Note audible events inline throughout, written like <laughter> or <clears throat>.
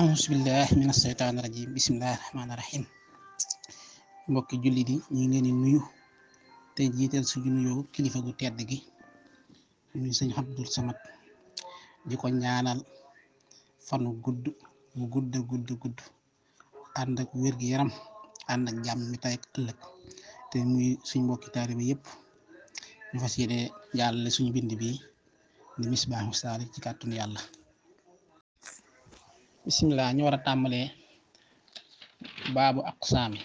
auzu billahi mina shaytaani rajim bismillahi rahmaani rahim mbokki jullit yi ñu ngi leen di nuyu te jiiteel suñu nuyoo kilifa gu tedd gi ñu sëñ Abdul Samad di ko ñaanal fanu gudd mu gudd gudd gudd ànd ak wér gi yaram ànd ak jàmm mi tay ëllëg te muy suñ mbokki taalibe yëpp ñu fas yéene jàllale suñu bind bi di Misbahou Sari ci kàttanu yàlla bisimilah ñu war a tàmbalee baabu aqsaami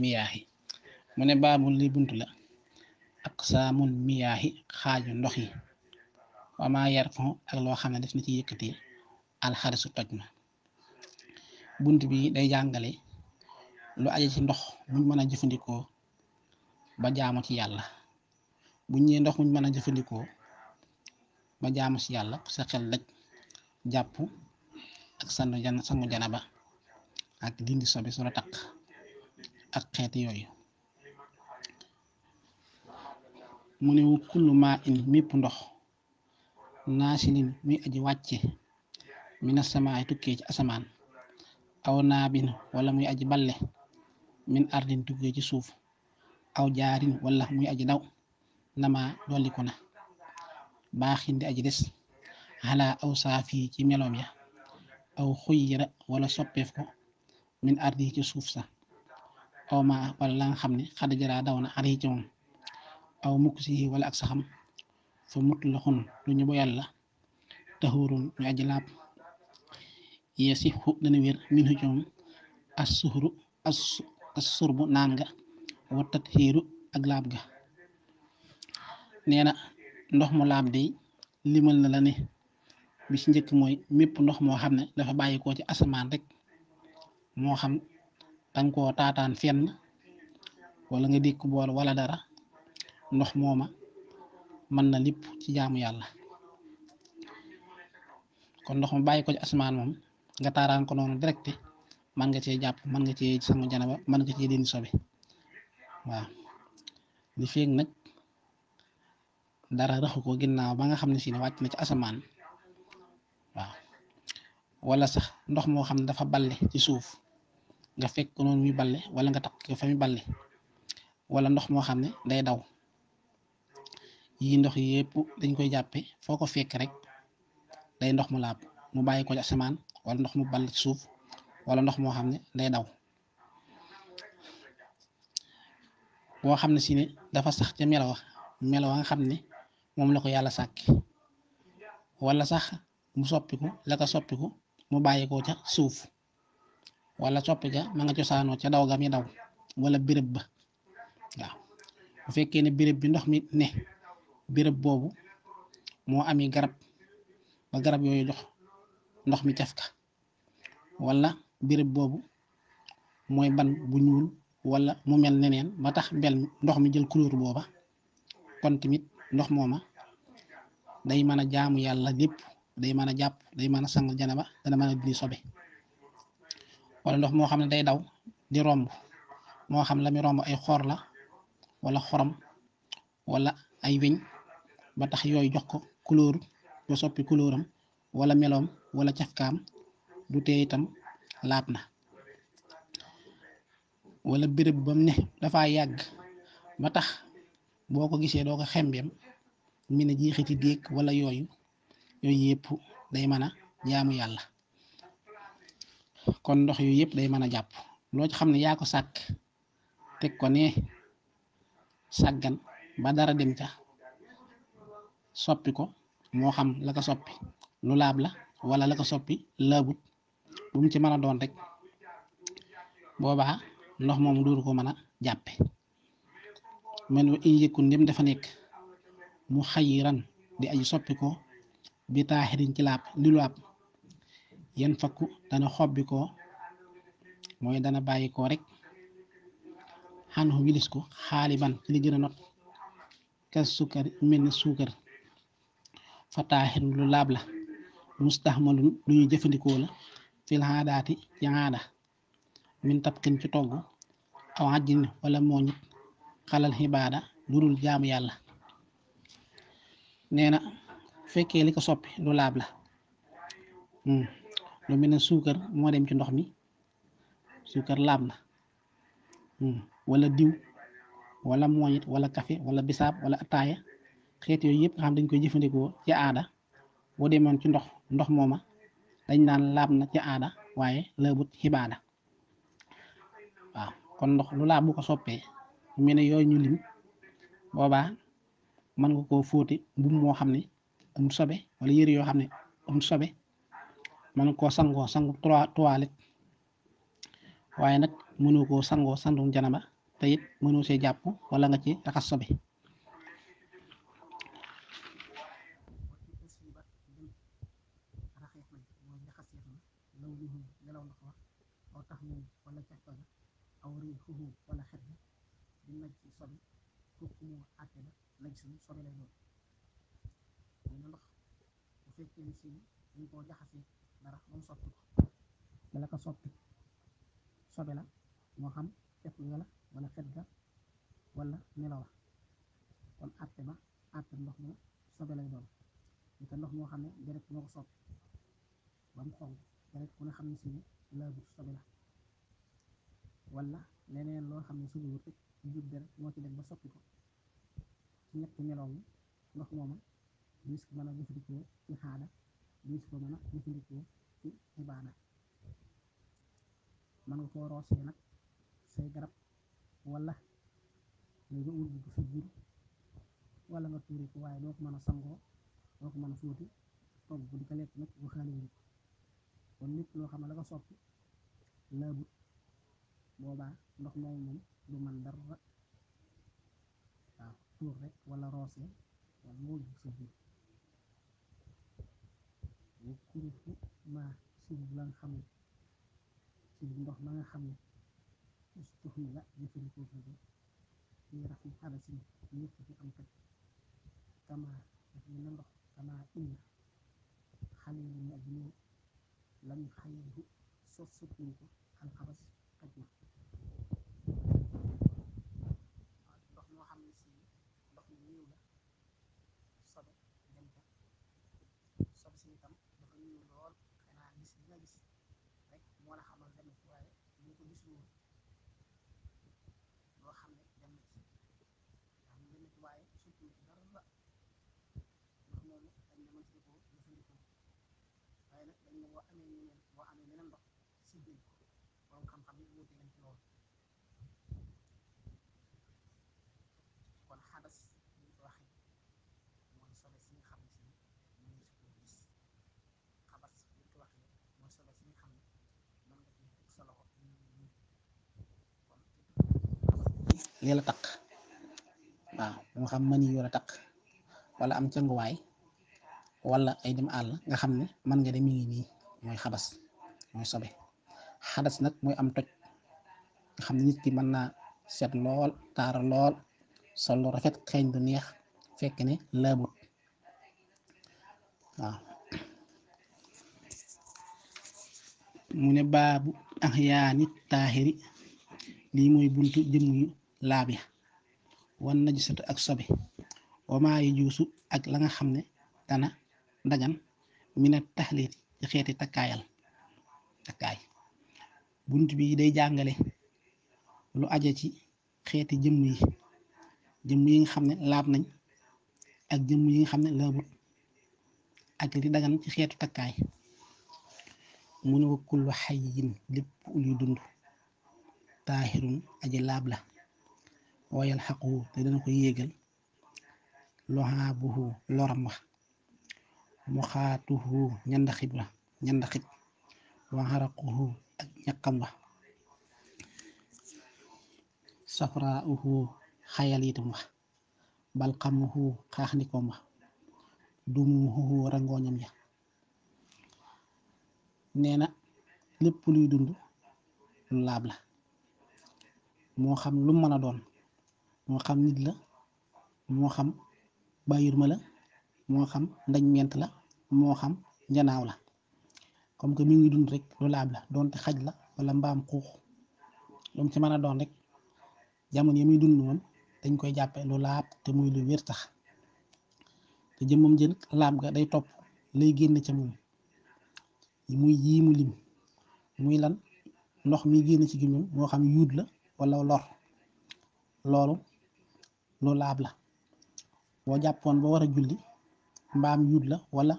miyaahi mu ne baabu li bunt la aqsaamul miyaahi xaaju ndox yi wamaa yar fon ak loo xam ne def na ci yëkkati alxarisu toj ma bunt bi day jàngale lu aje ci ndox muñ mën a jëfandikoo ba jaamu ci yàlla buñ ñee ndox muñ mën a jëfandikoo ba jaamu ci yàlla sa xel daj jàpp ak sangu jan sangu janaba ak dindi sobe so la taq ak xeeti yooyu mu ne wu kullu maa in mépp ndox naasilin muy aji wàcce mina samaay tukkee ci asamaan aw naabin wala muy aji bale min ardin tukkee ci suuf aw jaarin wala muy aji daw nama dolliku na baaxin di aji des xalaa aw saafi ci meloom ya aw xuyyira wala soppeef ko min ardi ci suuf sa aw ma wala la nga xam ne xad jaraa daw na ar ci moom aw mukk si wala ak saxam fa mut loxun lu ñu boyal la taxurun ñu aji laab yee si xu dana wér min ci moom as suxru as surbu naan nga wattat xiiru ak laab ga nee ndox mu laab day limal na la ne bi njëkk mooy mépp ndox moo xam ne dafa bàyyi koo ci asamaan rek moo xam danga koo taataan fenn wala nga dékk bool wala dara ndox mooma mën na lépp ci jaamu yàlla kon ndox mu bàyyi ko ci asamaan moom nga taaraan ko noonu direct mën nga cee jàpp mën nga ce sangu janaba mën nga cee dindi sobe waaw li feeg nag dara raxu ko ginnaaw ba nga xam ne si ne wàcc na ci asamaan wala sax ndox moo xam ne dafa balle ci suuf nga fekk ko noonu muy balle wala nga takk ko fa muy balle wala ndox moo xam ne day daw yii ndox yépp dañ koy jàppe foo ko fekk rek day ndox mu laab mu bàyyi ko ci seman wala ndox mu balle ci suuf wala ndox moo xam ne day daw boo xam ne si dafa sax ca melo melowa nga xam ne moom la ko yàlla sàkk wala sax mu soppiku la soppiku mu bàyyi ko ca suuf wala coppi ga ma nga cosaanoo ca daw ga mi daw walla béréb ba waaw bu fekkee ne béréb bi ndox mi ne béréb boobu moo ami garab ba garab yooyu jox ndox mi caf ka wala béréb boobu mooy ban bu ñuul wala mu mel neen ba tax mbel ndox mi jël couleur booba kon tamit ndox mooma day mën jaamu yàlla lépp day mën a jàpp day mën a sangal janaba dana mën a dindi sobe wala ndox moo xam ne day daw di romb moo xam la mi romb ay xoor la wala xorom wala ay weñ ba tax yooyu jox ko couleur ba soppi couleuram wala meloom wala cafkaam du tee itam laab na wala bërëb bam ne dafa yàgg ba tax boo ko gisee doo ko xembeem mi ne jeexiti déeg wala yooyu yooyu yëpp day mën a jaamu yàlla kon ndox yooyu yëpp day mën a jàpp loo ci xam ne yaa ko sàkk teg ko ne sàggan ba dara dem ca soppi ko moo xam la ko soppi lu laab la wala la ko soppi laabut bu ci mën a doon rek boobaa ndox moomu duuru ko mën a jàppe man wa in yëkkun ndem dafa nekk mu xayiran di aj soppi ko bi taaxirin ci laab li lu ab yan fakku dana xobbi koo mooy dana bàyyi koo rek xan xu wilis ko xaaliban ci li gën a not kas sukkar mel ni suukar fa taaxirin lu laab la mustaxmalun lu ñuy jëfandikoo la fil xaadaati ci xaada min tabkin ci togg aw àjjin wala mooñit xalal xibaada lu dul jaamu yàlla nee fekkee li ko soppi lu laab la hmm. lu mel ne suukar moo dem ci ndox mi suukar laab na hmm. wala diw wala mooñit wala café wala bisaab wala ataaya xeet yooyu yëpp xam dañ koy jëfandikoo ci aada boo demoon ci ndox ndox mooma dañ naan laab na ci aada waaye laabut xibaada waaw kon ndox lu laab bu ko soppee lu mel ne yooyu ñu lim boobaa mën nga koo fóote mbubb moo xam ne am sobe wala yëre yoo xam ne am sobe mën koo sangoo sangu toilette waaye nag mënoo koo sangoo sandum janaba te it mënoo see jàpp wala nga ci raxas sobe bi la ndox bu fekkee ni si dañ koo jaxase dara moom sotti ko dala ko sotti sobe la moo xam fet nga la wala fet ga wala nelaw la kon àtte ba àtte ndox mu sobe lay doon li ko ndox moo xam ne deret moo ko xonq deret ku ne xam ne si la wala leneen loo xam ne suñu moo ci dem ba sotti ci ñetti meloom ndox mooma luñ ko mën a jëfandikoo ci xaada luñ ko mën a jëfandikoo ci ibaada mën nga koo roosee nag say garab wala nga ubbi ko sa jur wala nga tuuri ko waaye doo ko mën a sangoo doo ko mën a fóoti togg ko di ko lekk nag bu xaale wu kon lépp loo xam ne la ko soppi laabut boobaa ndox moomu moom du man dara waaw tuur rek wala roosee wala nga ubbi sa jur kilifu ma ci la nga xam ne ci ndox maa nga xam ne ustuxu la jëfandikoo ko fi rafet xarasin yëpp fi am kat kama daf ñu ndox kama inna xale yi ñu ak ñoom lam xale yu sos sottuñ ko alxabas xaj na nga gis rek moo la xamal tamit waaye ñu ko gisul woon loo xam ne dem na ci xam ne waaye surtout dara ndax loolu ne mën si koo jëfandikoo waaye nag dañ ne boo amee ñeneen boo si biir ko borom xam-xam yi wóote nañ ci loolu kon xadas lii la takk waaw moo xam mën yi yoo la takk wala am cënguwaay wala ay dem àll nga xam ne man nga dem mi ngi nii mooy xabas mooy sobe xadas nag mooy am toj nga xam ne nit ki mën naa set lool taara lool sol lu rafet xeeñ du neex fekk ne laabut waaw mu ne baabu axyaani taahiri lii mooy buntu jëmm yu laab ya wan najisatu ak sobe wamaa yi juusu ak la nga xam ne dana dagan mina taxliit ci xeeti takkaayal takkaay bunt bii day jàngale lu aje ci xeeti jëmm yi jëmm yi nga xam ne laab nañ ak jëmm yi nga xam ne laabut ak li dagan ci xeetu takkaay mu ne wa kullu xayyin lépp luy dund taahirun aji laab la wayal xaqu te dana ko yéegal loxaabuhu loram wax mu xaatuhu ñandaxit wa ñandaxit wa xaraquhu ak ñaqam wa safraauhu xayaliitam wax balxamuhu xaaxnikoom wax dumuuhu rangooñam ya nee na lépp luy dund lu laab la moo xam lu mën a doon moo xam nit la moo xam bàyyurma la moo xam ndañ ment la moo xam njanaaw la comme que mu ngi dund rek lu laab la donte xaj la wala mbaam xuux lu mu ci mën a doon rekk jamono yi muy dund woon dañ koy jàppe lu laab te muy lu wér tax te jëmmam jën laab ga day topp lay génn ca moom muy yii mu lim muy lan ndox mi génn ci gémmiñ moo xam yuut la wala lor loolu lu laab la boo jàppoon boo war a julli mbaam yuut la walla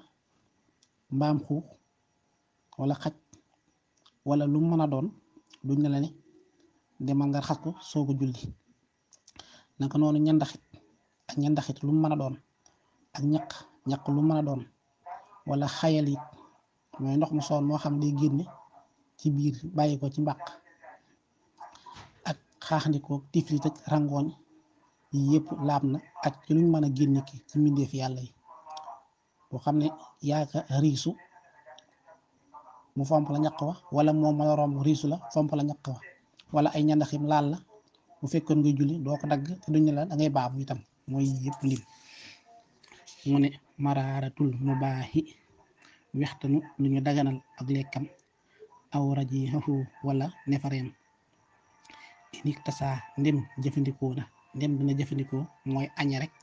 mbaam xuux walla xaj wala lu mën a doon duñ ne la ne demal nga raxas ko soo ko julli naka noonu ñandaxit ak ñandaxit lu mën a doon ak ñaq ñaq lu mën a doon wala mooy ndox mu soon moo xam day génne ci biir bàyyi ko ci mbaq ak xaaxandikoo tiflit ak rangooñ yi yëpp laab na ak ci luñ mën a génne ki ci mbindeef yàlla yi boo xam ne yaaka riisu mu fomp la ñaq wa wala moom mën a romb riisu la fomp la ñaq wa wala ay ñandaxim laal la bu fekkoon nga julli doo ko dagg te duñ la da ngay baabu itam mooy yëpp lim mu ne maraaratul mubaahi wextanu lu ñu daganal ak lekkam aw rajihahu wala nefareem inik tasa ndem jëfandikoo na ndem dina jëfandikoo mooy añ rek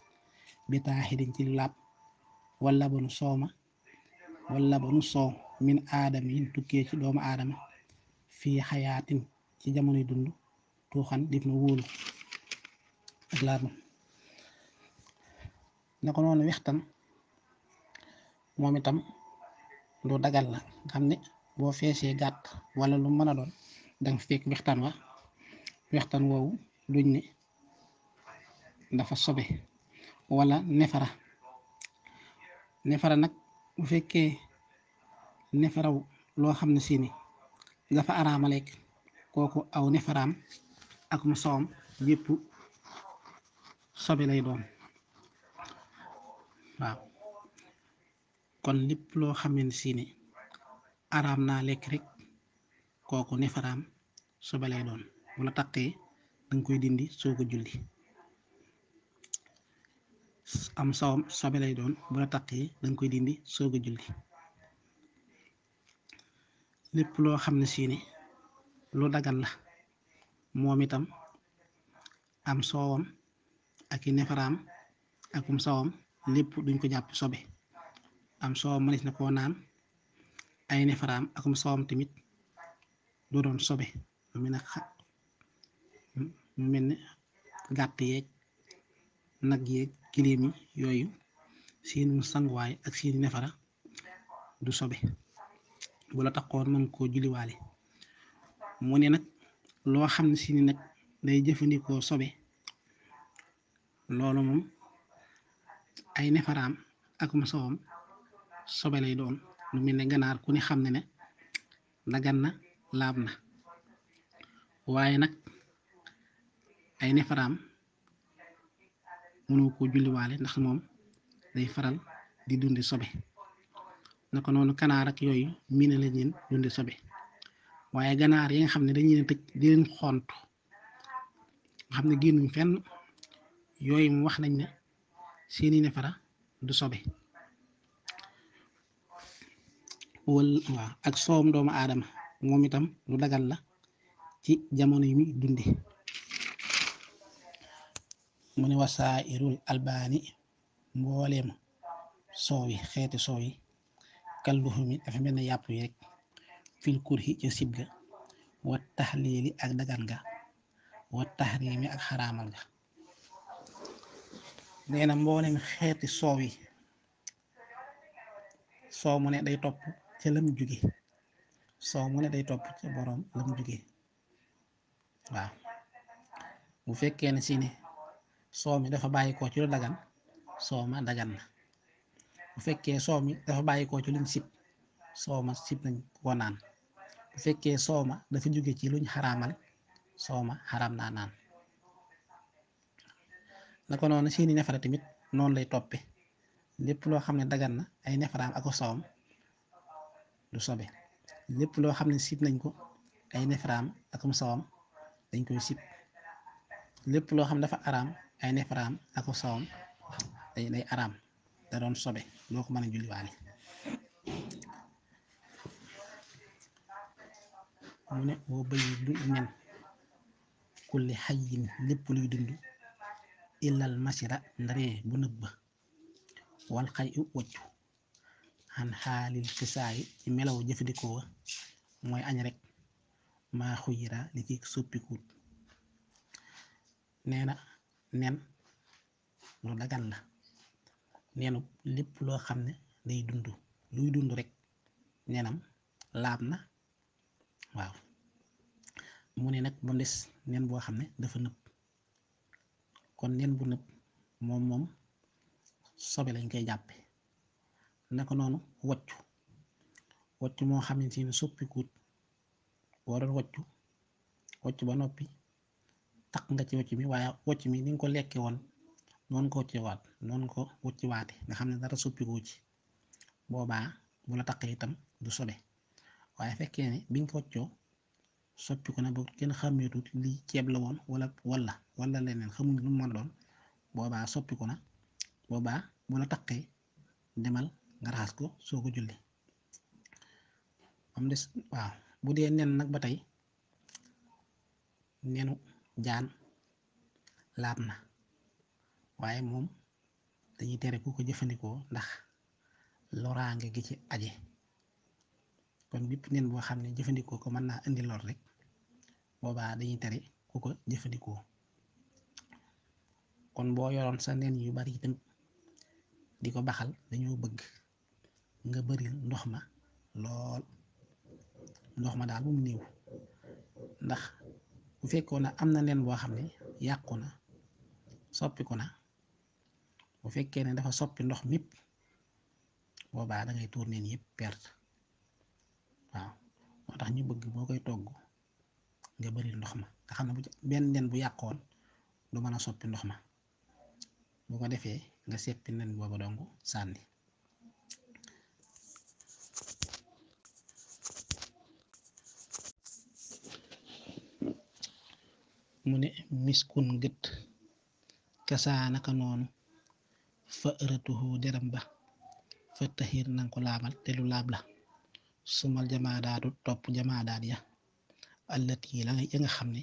bi taaxirin ci laab wala banu sooma wala banu soow min aadama yin tukkee ci doomu aadama fii xayaatin ci jamonoy dund tuuxan def na wóolu ak laab na ko noonu wextan moom itam lu dagal la xam ne boo feesee gàtt wala lu mën a doon danga fekk wextan wa wextan woowu duñ ne dafa sobe wala nefara nefara nag bu fekkee nefaraw loo xam ne siini ni dafa araama lekk kooku aw nefaraam ak mu sowam yépp sobe lay doon waaw kon lépp loo xam ne siine araam naa lekk rek kooku nefaraam sobe lay doon bu la taqee danga koy dindi soo ko julli am sawam sobe doon bu la taqee koy dindi soo ko julli lépp loo xam ne siine ne lu dagan la moom itam am soowam ak i nefaraam akum sawam lépp duñ ko jàpp sobe am soow mënees na koo naan ay nefaraam akum soowam tamit du doon sobe mu mel ne xa gàtt yeeg nag yeeg kilim yi yooyu seenu sanguwaay ak seeni nefara du sobe bu la taxoon mën koo julliwaale mu ne nag loo xam ne si ni nag day jëfandikoo sobe loolu moom ay nefaraam akum soowam sobe lay doon lu mel ne ganaar ku ne xam ne ne dagan na laab na waaye nag ay nefaraam mënu ko julliwaale ndax moom day faral di dundi sobe na ko noonu kanaar ak yooyu miine la ñeen dundi sobe waaye ganaar yi nga xam ne dañuy tëj di leen xont nga xam ne génnuñ fenn yooyu mu wax nañ ne seeni nefara du sobe wala ak soom doomu aadama moom itam lu dagal la ci jamono yi mi dunde mu ne wasaa'irul albaani mbooleem soow yi xeeti soow yi kal dafa mel ne yàpp yi rek fil kurhi ca sib ga wa taxliili ak dagan ga wa taxriimi ak xaraamal ga nee na mbooleem xeeti soow yi soow mu ne day topp ca lam jóge soow mu ne day topp ca boroom lam juge waaw bu fekkee ne si soow mi dafa bàyyi koo ci lu dagan soow ma dagan na bu fekkee soow mi dafa bàyyi koo ci luñ sib soow ma sib nañ ko bu fekkee soow ma dafa jóge ci luñ xaraamal soow ma xaram naa naan ko noonu seeni nefara tamit noonu lay toppe lépp loo xam ne dagan na ay nefaraam ako soowam du sobe lépp loo xam ne sib nañ ko ay nefaraam akum sawam dañ koy sib lépp loo xam dafa araam ay nefaraam akum sawam day day araam da doon sobe loo ko mën a julliwaale mu ne woo bëy du nen kulli xayin lépp luy dund illal masira ndaree bu nëbb wal xay u waccu an xaalil xisaa yi ci melaw jëfandikoo mooy añ rek maa xuyira li ci soppikuut nee na nen lu dagan la nenu lépp loo xam ne day dund luy dund rek nenam laab na waaw mu ne nag ba des nen boo xam ne dafa nëb kon nen bu nëb moom moom sobe lañ koy jàppe naka noonu wocc wocc moo xamante ni soppikuut boo doon wocc wocc ba noppi takk nga ci waccu mi waaye wocc mi ni nga ko lekkee woon noonu ko wacci waat noonu ko wacci waate nga xam ne dara soppikoo ci boobaa bu la itam du sobe waaye fekkee ne bi nga ko waccoo soppiku na kenn xàmmeetut lii ceeb la woon wala wala wala leneen xamuñ lu mu boobaa soppiku na boobaa bu la takkee demal nga raxas ko soo ko julli am des waaw bu dee nen nag ba tey nenu jaan laab na waaye moom dañuy tere ku ko jëfandikoo ndax loraange gi ci aje kon bépp nen boo xam ne jëfandikoo ko mën naa indi lor rek boobaa dañuy tere ku ko jëfandikoo kon boo yoroon sa nen yu bari di ko baxal dañoo bëgg nga bëril ndox ma lool ndox ma daal mu néew ndax bu fekkoon ne am na nen boo xam ne yàqu na soppiku na bu fekkee ne dafa soppi ndox mépp boobaa dangay ngay tuur neen yëpp perte waaw moo tax ñu bëgg boo koy togg nga bëril ndox ma nga xam ne bu benn nen bu yàqoon du mën a soppi ndox ma bu ko defee nga seppi nen booba dong sànni mu ne miskun gët kasaa naka noonu fa ëratuhu deram ba fa taxir nanga ko laabal te lu laab la sumal jamaadaatu topp jamaadaat ya àllat yi nga xam ne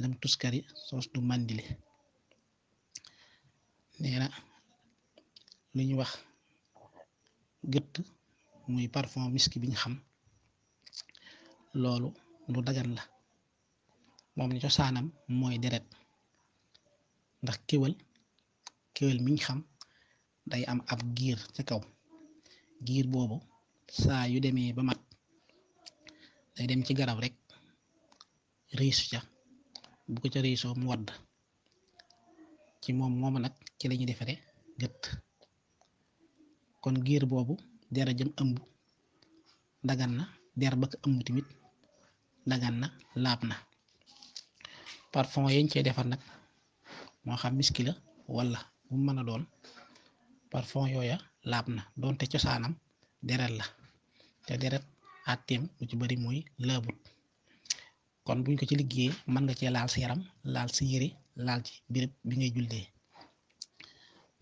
lam tuskari soos du màndile nee na ñu wax gët muy parfum miski bi ñu xam loolu lu dagan la moom ni cosaanam mooy deret ndax kéwél kéwél miñ xam day am ab giir ca kaw giir boobu saa yu demee ba mat day dem ci garab rekk riisu ca bu ko ca riisoo mu wadd ci moom moom nag ci lañuy defaree defare gët kon giir boobu dera jëm ëmb dagan na der ba ko ëmb tamit dagan na laab na parfum yañ cey defar nag moo xam miski walla wala bu mën a doon parfum yooya laab na doonte cosaanam deret la te deret àtteem lu ci bari mooy laabut kon buñ ko ci liggéey mën nga cee laal sa yaram laal sa yére laal ci béréb bi ngay jullee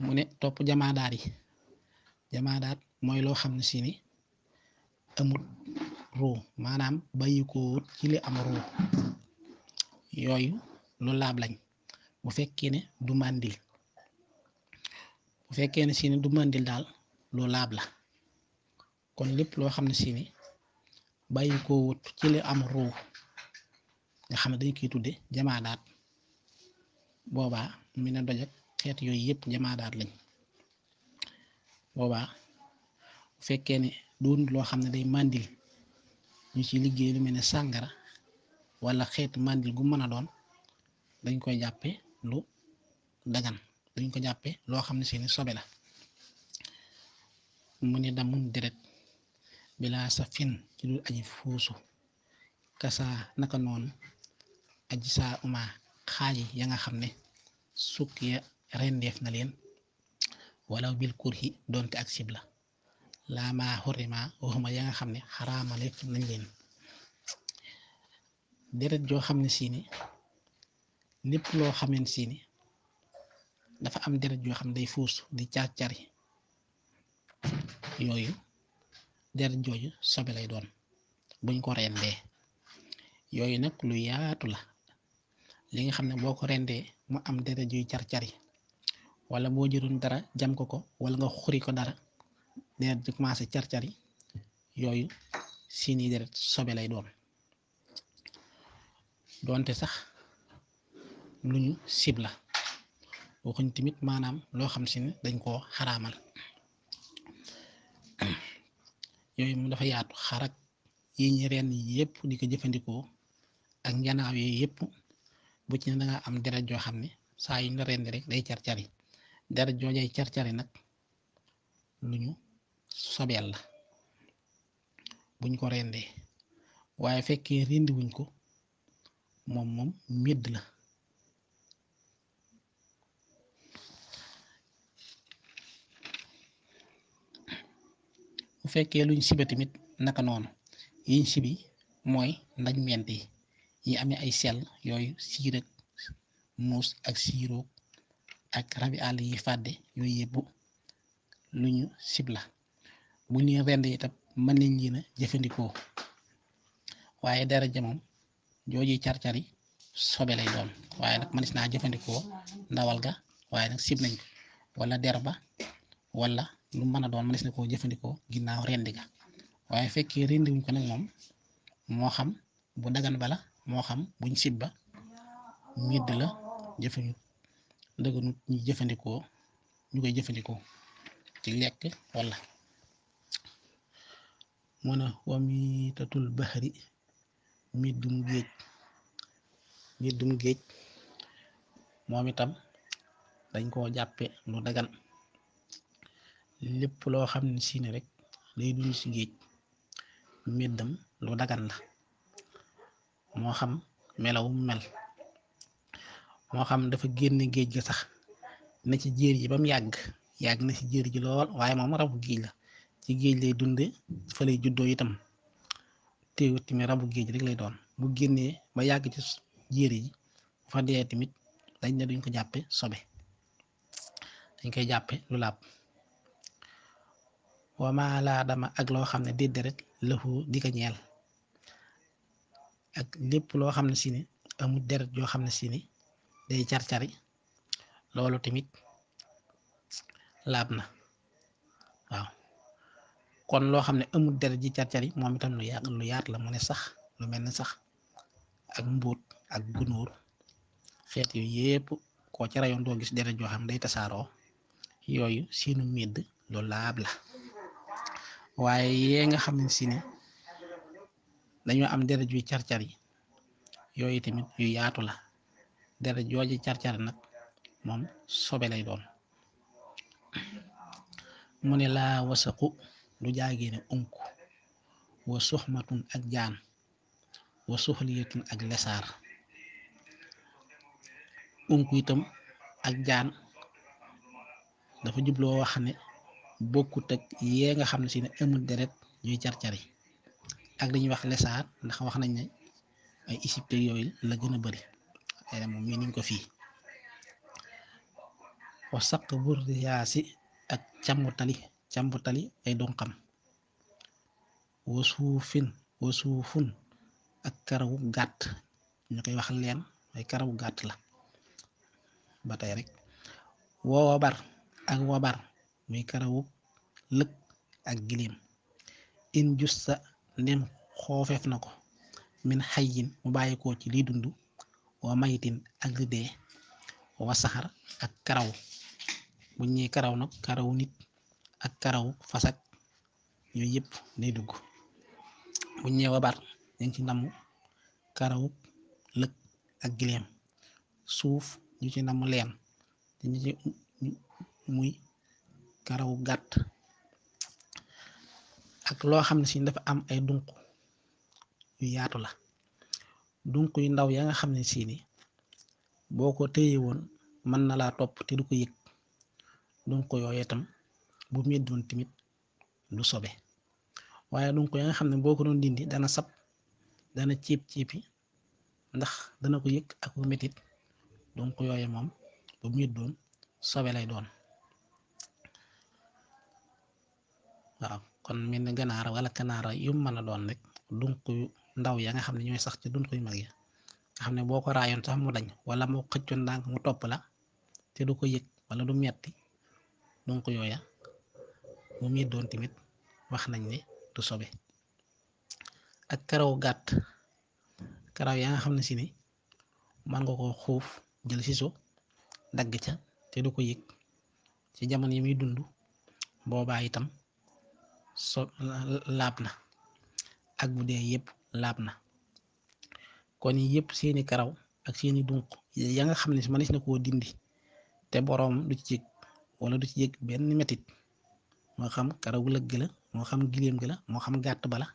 mu ne topp jamaadaat yi jamaadaat mooy loo xam ne si ni amut ruu maanaam bàyyi wut ci li am ruu yooyu lu laab lañ bu fekkee ne du màndil bu fekkee ne si ne du màndil daal lu laab la kon lépp loo xam ne si ni bàyyi koo wut ci li am ruu nga xam ne dañ koy tudde jamaadaat boobaa mi ne doj xeet yooyu yëpp jamaadaat lañ boobaa bu fekkee ne doon loo xam ne day màndil ñu ci liggéey lu mel ne sàngara wala xeeti màndil gu mën a doon dañ koy jàppe lu dagan dañ ko jàppe loo xam ne seeni sobe la mu ni damun deret bilaa sa fin ci dul aji fuusu kasaa naka noon aji saa uma xaaji ya nga xam ne sukk ya rendeef na leen walaw bil kurhi doonte ak sib la laamaa xorima waxuma ya nga xam ne xaraamale nañ leen deret joo xam ne si ni lépp loo xameen si ni dafa am deret joo xam ne day fuus di caar-cari yooyu deret jooju sobe lay doon buñ ko rendee yooyu nag lu yaatu la li nga xam ne boo ko rendee mu am deret yuy car-cari wala boo jëloon dara jam ko ko wala nga xuri ko dara deret di commencé car-cari yooyu si ni deret sobe lay doon doonte sax lu ñu sib la waxuñ tamit maanaam loo xam si ne dañ koo xaraamal <clears throat> yooyu mu dafa yaatu xarak yi ñi reen yi yëpp di ko jëfandikoo ak njanaaw yooyu yëpp bu ci ne da am deret joo xam ne saa yu la rendi rek day car-cari deret joojay car-cari nag lu ñu sobeel la buñ ko rendee waaye fekkee rendi wuñ ko moom moom midd la bu fekkee luñ siba tamit naka noonu yiñ sibi mooy ndaj ment yi yi amee ay sel yooyu siir ak muus ak siiroog ak rabi àll yi fàdde yooyu yëpp lu ñu sib la bu ñu rend itam mën nañ leen a jëfandikoo waaye dara ja jooju car-cari sobe lay doon waaye nag manis naa jëfandikoo ndawal ga waaye nag sib nañ ko wala der ba wala lu mën a doon manis na koo jëfandikoo ginnaaw rendi ga waaye fekkee rendi wuñ ko nag moom moo xam bu dagan bala moo xam buñ sib ba midd la jëfandu dëgganut ñu jëfandikoo ñu koy jëfandikoo ci lekk wala mën a wamitatul baxari mbiddum géej mbiddum géej moom itam dañ koo jàppe lu dagan lépp loo xam ne si rek day dund ci géej mbiddam lu dagan la moo xam melawum mel moo xam dafa génne géej ga sax na ci jéer ji ba yàgg yàgg na ci jéer ji lool waaye moom rabu géej la ci géej lay dunde fa lay juddoo itam teewut tamit rabu géej rek lay doon mu génnee ba yàgg ci jéere ji bu fa dee tamit dañ ne ko jàppe sobe dañ koy jàppe lu laab wa maa laa dama ak loo xam ne déedéet rek lëfu di ko ñeel ak lépp loo xam ne si ne amul deret yoo xam ne si day car-cari loolu tamit laab na kon loo xam ne amul deret ji car car yi moom itam lu yaat lu yaat la mu ne sax lu mel ni sax ak mbuut ak gunóor xeet yooyu yépp ko ci rayoon doo gis deret joo xam ne day tasaaroo yooyu siinu medd lu laab la waaye yee nga xam ne si ne dañoo am deret yu car car yi yooyu tamit yu yaatu la deret jooju car car nag moom sobe lay doon mu ne laa wasaqu lu jaagee ne unk wa suxmatun ak jaan wa suxliyatun ak lesaar unk itam ak jaan dafa jubloo wax ne bokkut ak yee nga xam ne si ne amul deret ñuy car-cari ak lañuy wax lesaar ndax wax nañ ne ay égypte yooyu la gën a bari ene moom mii niñ ko fii wa saq bur yaasi ak càmmu tali càmbutali ay donqam wa suufin wa suufun ak karawu gàtt ñu koy wax leen ay karawu gàtt la ba tey rek woo wabar ak wabar muy karawu lëg ak giléem in justa ndem xoofeef na ko min xayin mu bàyyi ko ci liy dund waa mayitin ak li dee wa ak karaw bu ñuy karaw nag karawu nit ak karaw fasak yooyu yëpp day dugg bu ñu nee wabar dañ ci namm karaw lëg ak gileem suuf ñu ci namm leen te ñu ci muy karaw gàtt ak loo xam ne si dafa am ay dunq yu yaatu la dunq yu ndaw ya nga xam ne siini boo ko téye woon mën na laa topp te du ko yëg dunq yooyu tam bu doon tamit du sobe waaye donc ya nga xam ne boo ko doon dindi dana sab dana ciip ciipi ndax dana ko yëg ak bu métit donc yooyu moom bu doon sobe lay doon waaw kon mel ni ganaar wala kanaara yu mën a doon rek dunk yu ndaw ya nga xam ne ñooy sax ci dunk yu mag ya nga xam ne boo ko raayoon sax mu dañ wala mu xëccoon ndànk mu topp la te du ko yëg wala du metti donc yooya mu muy doon tamit wax nañ ne du sobe ak karaw gàtt karaw yaa nga xam ne si ni mën nga koo xuuf jël si siso dagg ca te du ko yëg ci jamono yi muy dund boobaa itam so laab na ak bu dee yëpp laab na kon yëpp seeni karaw ak seeni dunq ya nga xam ne si mënees na koo dindi te boroom du ci yëg wala du ci yëg benn metit moo xam karaw lëgg la moo xam gileem gi la moo xam gàtt ba la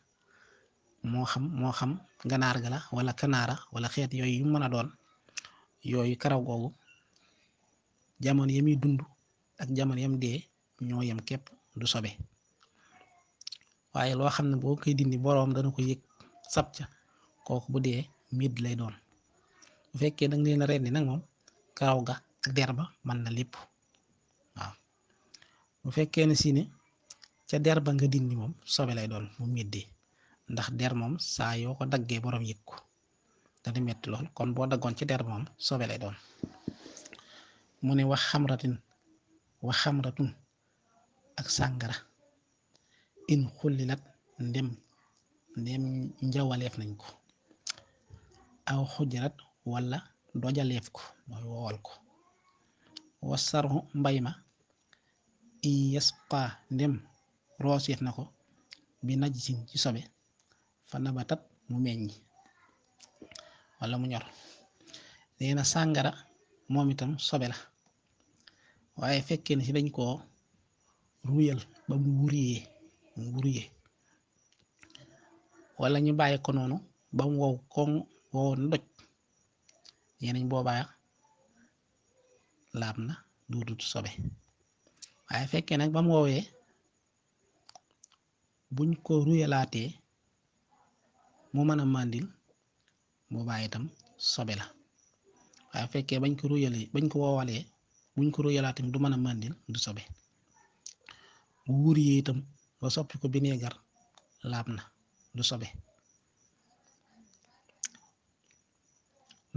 moo xam moo xam ganaar ga la wala kanaara wala xeet yooyu yu mën a doon yooyu karaw googu jamono ya muy dund ak jamono yam dee ñoo yam képp du sobe waaye loo xam ne boo koy dindi boroom dana ko yëg sab ca kooku bu dee miid lay doon bu fekkee da nga leen a rendi nag moom karaw ga ak der ba mën na lépp bu fekkee ne si ne ca der ba nga dindi moom sobe lay doon mu méddee ndax der moom saa yoo ko daggee borom yëg ko dana metti lool kon boo daggoon ca der moom sobe lay doon mu ne wax xamratin wax xamratun ak sàngara in xullilat ndem ndem njawaleef nañ ko aw xujarat wala dojaleef ko mooy wowal ko wasaru mbay ma in yasqa ndem rooseef na ko bi naj sin ci sobe ba nabatat mu meññ wala mu ñor nee na sàngara moom itam sobe la waaye fekkee ne si dañ koo ruyal ba mu wuriyee wuriyee wala ñu bàyyi ko noonu ba mu wow koŋ wow na doj nee nañ boobaa laab na duudut sobe waaye fekkee nag ba mu woowee buñ ko ruyalaatee mu mën a màndil boobaa itam sobe la waaye fekkee bañ ko ruyalee bañ ko woowalee buñ ko ruyalaatee du mën a màndil du sobe wuur yi itam ba soppi ko bineegar laab na du sobe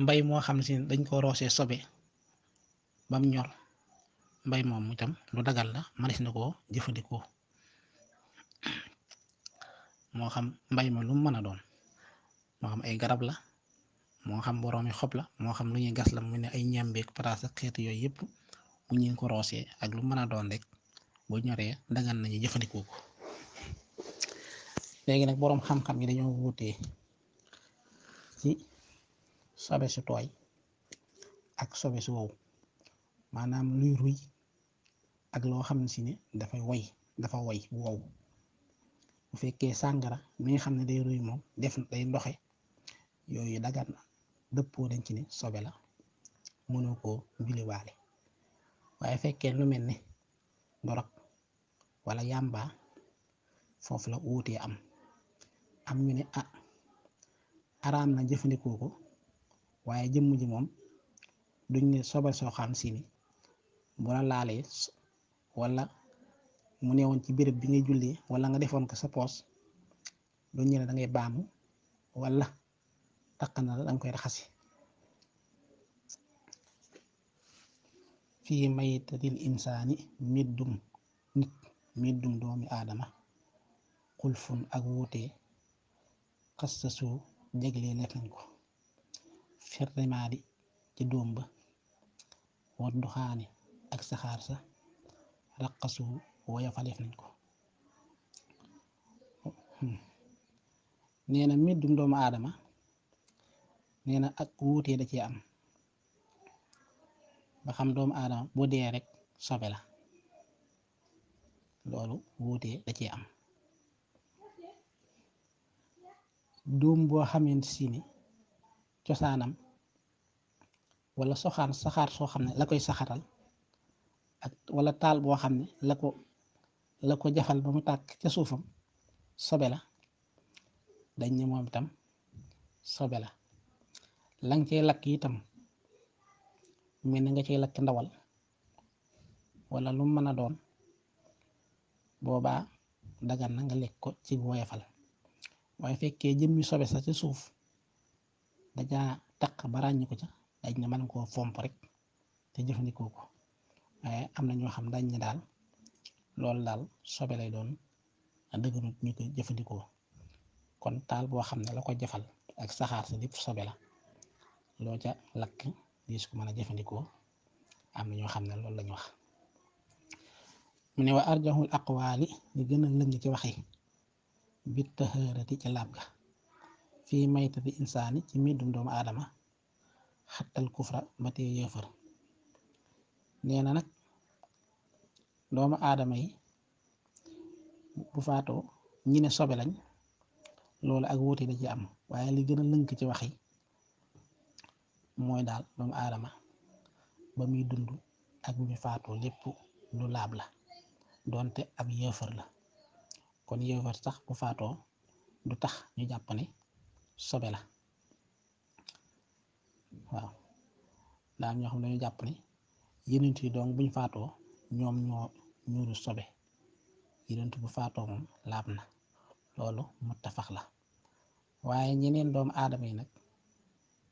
mbay moo xam si dañ koo roosee sobe bam ñor mbay moom itam lu dagal la manis na koo jëfandikoo moo xam mbay ma lu mu mën a doon moo xam ay garab la moo xam boroomi xob la moo xam lu ñuy gas la mu ne ay ñambeeg pataas ak xeetu yooyu yëpp bu ñu ko roosee ak lu mën a doon rek bu ñoree dagan nañu jëfandikoo ko léegi nag boroom xam-xam yi dañoo wutee ci sobe su tooy ak sobe su wow maanaam luy ruy ak loo xam ne si dafay woy dafa woy wow bu fekkee sàngara mi nga xam ne day ruy moom def day ndoxe yooyu dagan na dëppoo dañ ci ne sobe la mënoo koo juliwaale waaye fekkee lu mel ne dorog wala yàmba foofu la wuutee am am ñu ne ah, na jëfandikoo ko waaye jëmm moom duñ ne sobe soo xam si ni bu laalee wala mu newoon ci béréb bi ngay jullee wala nga defoon ko sa poos loolu ñu ne baamu wala taq na la da koy raxasi fii maytatil insaani middum nit middum doomi aadama xulfun ak wuute xassasu jaglee lekk nañ ko ferremaadi ci doom ba wadduxaani ak saxaar sa raqasu woyafaleef nañ ko hmm. nee na mbindum doomu aadama nee na ak wuutee da cee am ba xam doomu aadama bu dee rek sobe la loolu wuutee da cee am doom boo xamante si cosaanam wala soxaan saxaar soo xam ne la koy saxaral ak wala taal boo xam ne la ko la ko jafal ba mu tàkk ca suufam sobe la dañ ne moom itam sobe la la nga cay lakk itam mel na nga cay lakk ndawal wala lu mën a doon boobaa dagan na nga lekk ko ci woyafal waaye fekkee jëmmi sobe sa ca suuf dajaa taq ba ràññi ko ca dañ ne mën koo fomp rek te jëfandikoo ko waaye am na ñoo xam dañ ne daal loolu daal sobe lay doon dëgërut ñu ko jëfandikoo kon taal boo xam ne la ko jafal ak saxaar si lépp sobe la loo ca lakk di ko mën a jëfandikoo am na ñoo xam ne loolu lañ wax mu ne wa arjahul aqwaali li gën a lëng ci waxi bi taxaarati ci laab ga fii maytati insaani ci middum doomu aadama xattal kufra ba tey yëfër nee na nag doomu aadama yi bu faatoo ñi ne sobe lañ loolu ak wuute da ci am waaye li gën a lënk ci waxi mooy daal doomu aadama ba muy dund ak muy faatoo lépp lu laab la doonte ab yéefar la kon yéefar sax bu faatoo du tax ñu jàpp ne sobe la waaw daal ñoo xam ne yenent yi donc buñ faatoo ñoom ñoo ñuuru sobe yenent bu faatoo moom laab na loolu muttafax la waaye ñeneen doomu aadama yi nag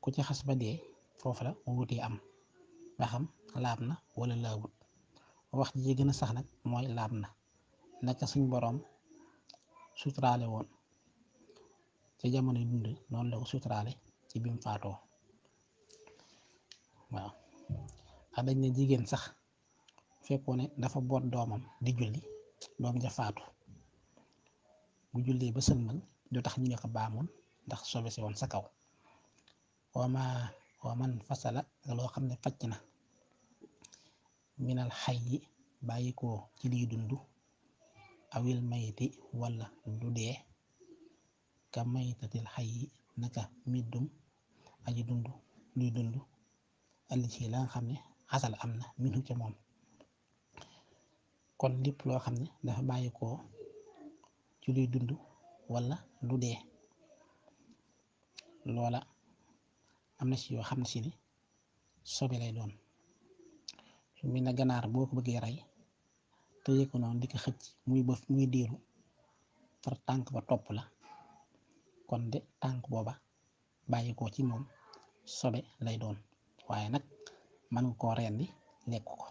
ku ci xas ba dee foofu la wutee am ba xam laab na wala laabut wax ji gën sax nag mooy laab na naka suñ boroom suturaale woon ci jamono dund noonu la ko suturaale ci bim faatoo waaw ndax dañ ne jigéen sax fekkoon ne dafa boot doomam di julli doom ja bu jullee ba sëlmal du tax ñu ne ko baamoon ndax sobe si sa kaw wama waman fasala loo xam ne facc na minal xay yi bàyyi ci liy dund awil mayiti wala du dee ka maytatil xay yi naka middum aji dund luy dund alli ci xam ne asal am na minu ca moom kon lépp loo xam ne dafa bàyyi koo ci luy dund walla lu dee loola am na ci yoo xam ne si ni sobe lay doon su mel ne ganaar boo ko bëggee rey tëye ko noonu di ko xëcc muy bëf muy diiru far tànk ba topp la kon de tànk booba bàyyi koo ci moom sobe lay doon waaye nag mën nga koo rendi lekk ko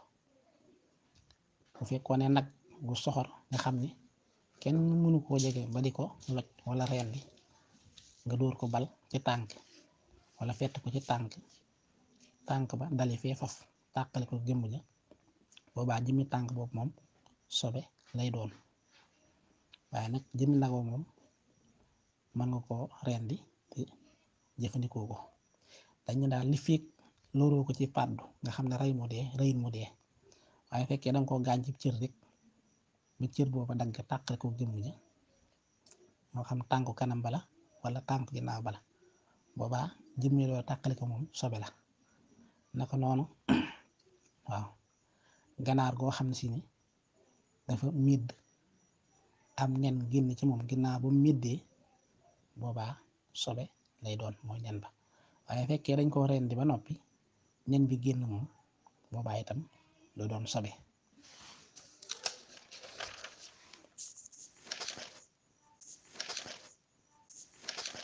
bu fekkoon ne nag bu soxor nga xam ni kenn mënu koo jege ba di ko loj wala rendi nga dóor ko bal ci tànk walla fett ko ci tànk tànk ba dali fee faf tàqale ko gémb ja boobaa jëmmi tànk boobu moom sobe lay doon waaye nag jëmmi nag moom mën nga koo rendi te jëfandikoo ko dañu daal li fiig lóoroo ko ci pàddu nga xam ne rey mu dee rëyin waaye fekkee danga koo gaañ ci cër rek ba cër booba dagg tàqale ko jëmm ja moo xam tànku kanam bala wala tànku ginnaaw bala boobaa jëmmi loolu tàqale ko moom sobe la naka noonu <clears throat> waaw ganaar goo xam ne si ni dafa midd am nen génn ci moom ginnaaw ba mu middee boobaa sobe lay doon mooy nen ba waaye fekkee dañ koo rendi ba noppi nen bi génn moom booba itam du doon sobe